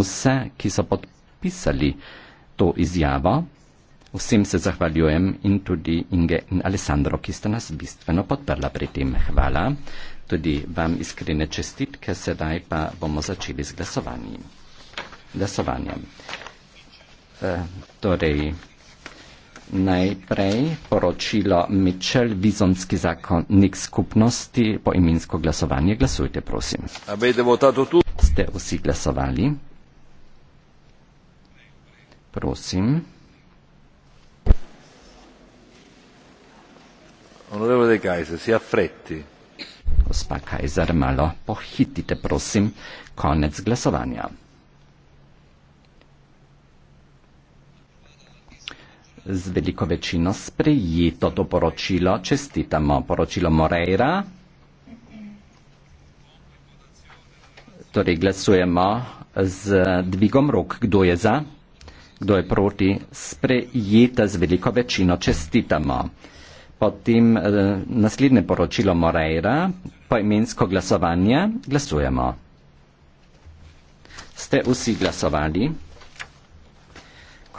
vse, ki so podpisali to izjavo. Vsem se zahvaljujem in tudi Inge in Alessandro, ki ste nas bistveno podprla pri tem. Hvala. Tudi vam iskrene čestitke, sedaj pa bomo začeli z glasovanjem. glasovanjem. E, torej, najprej poročilo Mičel, vizonski zakonnik skupnosti, poimensko glasovanje. Glasujte, prosim. Ste vsi glasovali? Prosim. Onorevole Kajzer, si affretti. Gospa Kajzer, malo pohitite, prosim. Konec glasovanja. Z veliko večino sprejito to poročilo. Čestitamo poročilo Moreira. Torej glasujemo z dvigom rok. Kdo je za? kdo je proti, sprejeta z veliko večino. Čestitamo. Potem e, naslednje poročilo Moreira, poimensko glasovanje, glasujemo. Ste vsi glasovali?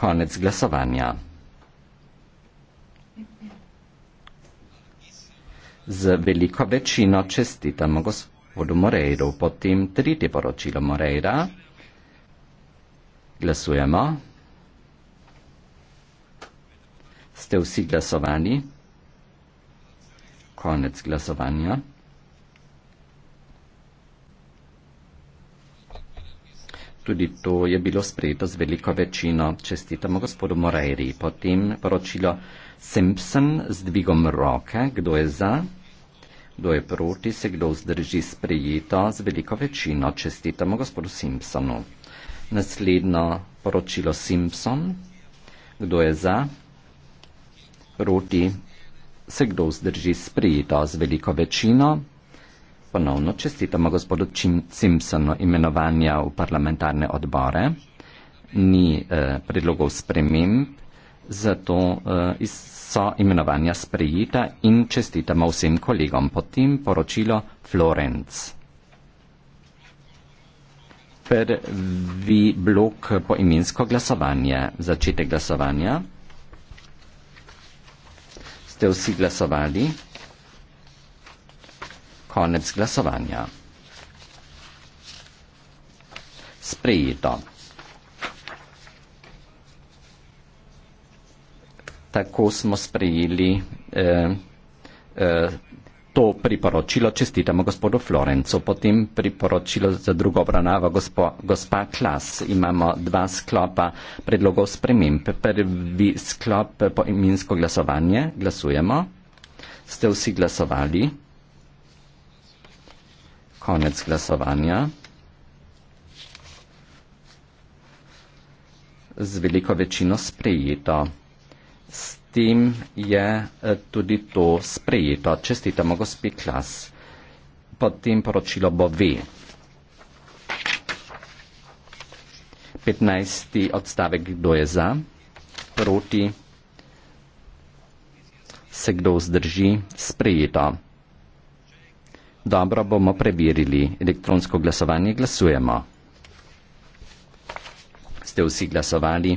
Konec glasovanja. Z veliko večino čestitamo gospodu Moreiru. Potem tretje poročilo Moreira. Glasujemo. Ste vsi glasovani? Konec glasovanja. Tudi to je bilo sprejeto z veliko večino. Čestitamo gospodu Morairi. Potem poročilo Simpson z dvigom roke. Kdo je za? Kdo je proti? Se kdo vzdrži sprejeto z veliko večino? Čestitamo gospodu Simpsonu. Naslednjo poročilo Simpson. Kdo je za? proti. Se kdo vzdrži sprijeta z veliko večino? Ponovno čestitamo gospodu Simpsonu imenovanja v parlamentarne odbore. Ni eh, predlogov sprememb, zato eh, so imenovanja sprijeta in čestitamo vsem kolegom. Potem poročilo Florenc. Prvi blok po imensko glasovanje. Začetek glasovanja ste vsi glasovali. Konec glasovanja. Sprejeto. Tako smo sprejeli eh, eh, to priporočilo čestitamo gospodu Florencu. Potem priporočilo za drugo obravnavo gospo, gospa Klas. Imamo dva sklopa predlogov sprememb. Prvi sklop po imensko glasovanje. Glasujemo. Ste vsi glasovali? Konec glasovanja. Z veliko večino sprejeto. S tem je eh, tudi to sprejeto. Čestitamo gospi Klas. Potem poročilo bo V. 15. odstavek, kdo je za, proti, se kdo vzdrži, sprejeto. Dobro bomo preverili elektronsko glasovanje. Glasujemo. Ste vsi glasovali?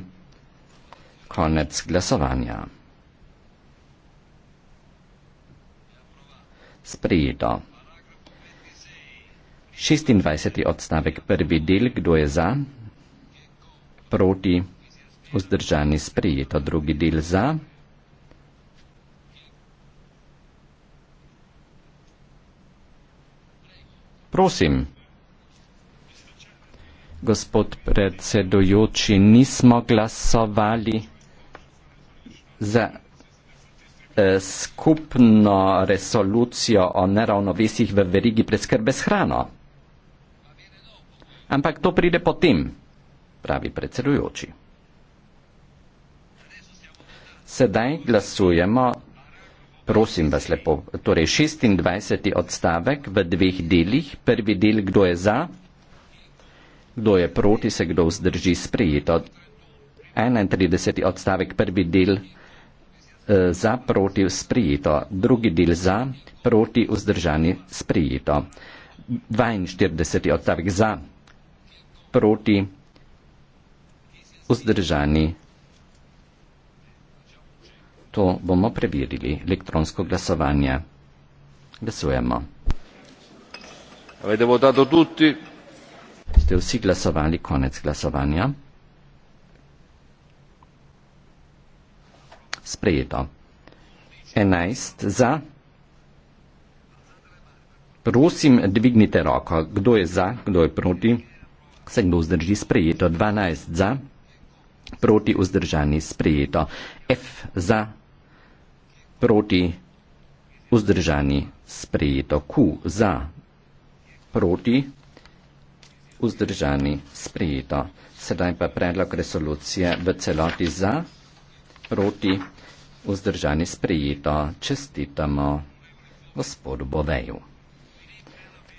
Konec glasovanja. sprejeto. 26. odstavek prvi del, kdo je za, proti, vzdržani sprejeto, drugi del za. Prosim, gospod predsedujoči, nismo glasovali za Eh, skupno resolucijo o neravnovesjih v verigi preskrbe s hrano. Ampak to pride potem, pravi predsedujoči. Sedaj glasujemo, prosim vas lepo, torej 26. odstavek v dveh delih. Prvi del, kdo je za, kdo je proti, se kdo vzdrži sprejeto. 31. odstavek, prvi del. Eh, za proti sprijeto, drugi del za proti vzdržani sprijeto. 42. odstavek za proti vzdržani. To bomo preverili. Elektronsko glasovanje. Glasujemo. Ste vsi glasovali? Konec glasovanja. sprejeto. 11 za. Prosim, dvignite roko. Kdo je za, kdo je proti? Se kdo vzdrži sprejeto? 12 za. Proti vzdržani sprejeto. F za. Proti vzdržani sprejeto. Q za. Proti vzdržani sprejeto. Sedaj pa predlog resolucije v celoti za proti, vzdržani sprejeto, čestitamo gospodu Boveju.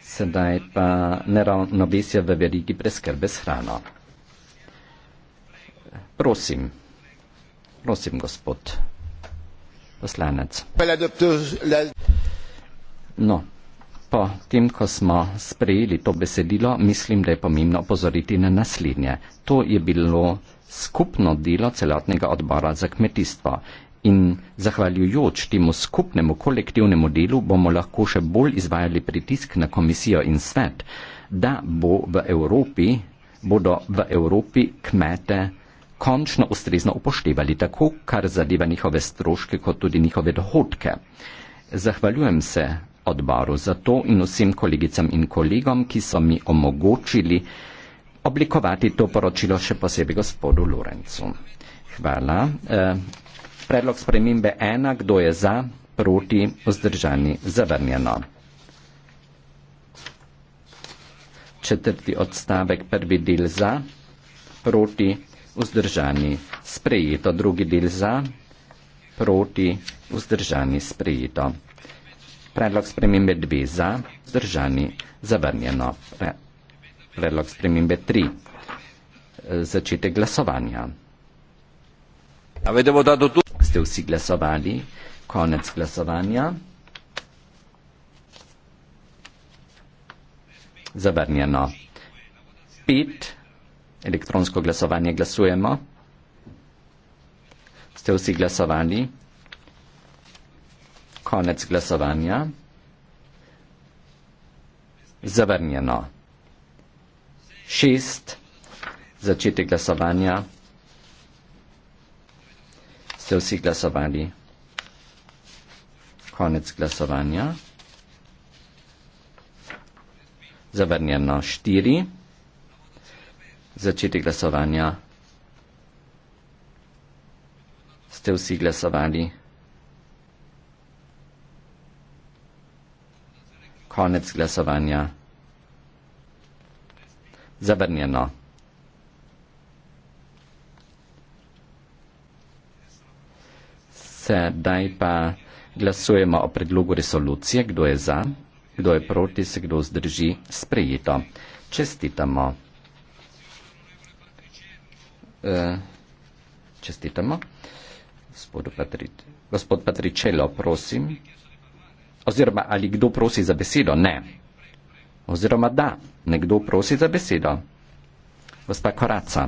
Sedaj pa neravnovesje v verigi preskrbe s hrano. Prosim, prosim, gospod poslanec. No, Po tem, ko smo sprejeli to besedilo, mislim, da je pomembno opozoriti na naslednje. To je bilo skupno delo celotnega odbora za kmetijstvo. In zahvaljujoč temu skupnemu kolektivnemu delu bomo lahko še bolj izvajali pritisk na komisijo in svet, da bo v Evropi, bodo v Evropi kmete končno ustrezno upoštevali tako, kar zadeva njihove stroške, kot tudi njihove dohodke. Zahvaljujem se odboru za to in vsem kolegicam in kolegom, ki so mi omogočili oblikovati to poročilo, še posebej gospodu Lorencu. Hvala. E, predlog spremembe ena, kdo je za, proti, vzdržani, zavrnjeno. Četrti odstavek, prvi del za, proti, vzdržani, sprejeto. Drugi del za, proti, vzdržani, sprejeto predlog spremembe 2 za, zdržani, zavrnjeno. Pre, predlog spremembe 3. E, začetek glasovanja. Ste vsi glasovali? Konec glasovanja. Zavrnjeno. Pet. Elektronsko glasovanje glasujemo. Ste vsi glasovali? koniec głosowania. Zawarniono. Sześć. Zaczytek głosowania. Jste wszyscy głosowali. Koniec głosowania. Zawarniono. Cztery. Zaczytek głosowania. Jste wszyscy głosowali. Konec glasovanja. Zavrnjeno. Sedaj pa glasujemo o predlogu resolucije, kdo je za, kdo je proti, se kdo zdrži, sprejeto. Čestitamo. E, čestitamo. Gospod Patričelo, prosim. Oziroma, ali kdo prosi za besedo? Ne. Oziroma, da, nekdo prosi za besedo. Gospa Koraca,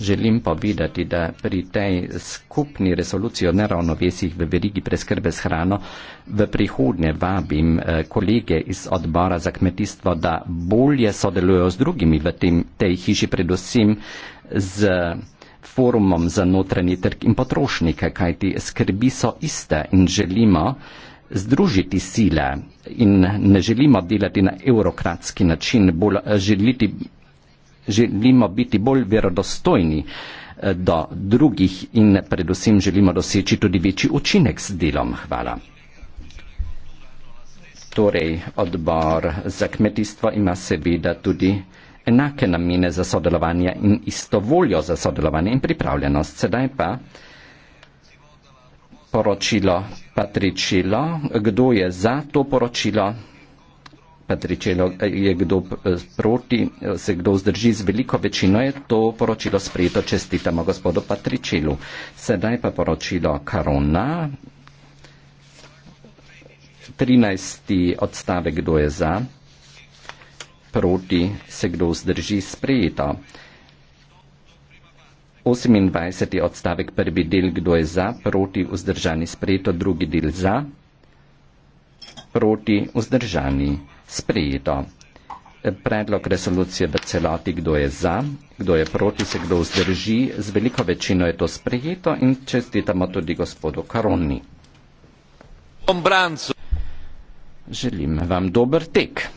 želim povedati, da pri tej skupni resoluciji o neravnovesjih v verigi preskrbe s hrano v prihodnje vabim eh, kolege iz odbora za kmetijstvo, da bolje sodelujo z drugimi v tem, tej hiši, predvsem z forumom za notranji trg in potrošnike, kajti skrbi so iste in želimo, združiti sile in ne želimo delati na eurokratski način, bolj, eh, želiti, želimo biti bolj verodostojni eh, do drugih in predvsem želimo doseči tudi večji učinek s delom. Hvala. Torej, odbor za kmetijstvo ima seveda tudi enake namene za sodelovanje in isto voljo za sodelovanje in pripravljenost. Sedaj pa poročilo Patričilo. Kdo je za to poročilo? Patričilo je kdo eh, proti, se kdo zdrži z veliko večino, je to poročilo sprejeto. Čestitamo gospodu Patričilu. Sedaj pa poročilo Karona. 13. odstavek, kdo je za, proti, se kdo zdrži sprejeto. 28. odstavek prvi del, kdo je za, proti vzdržani sprejeto, drugi del za, proti vzdržani sprejeto. Predlog resolucije v celoti, kdo je za, kdo je proti, se kdo vzdrži, z veliko večino je to sprejeto in čestitamo tudi gospodu Karoni. Želim vam dober tek.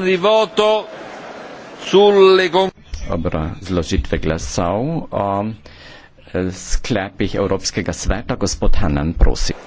dichiarazioni di voto sulle Dobra, zložitve glasov. Um, eh, sklep jih Evropskega sveta, gospod Hanan, prosim.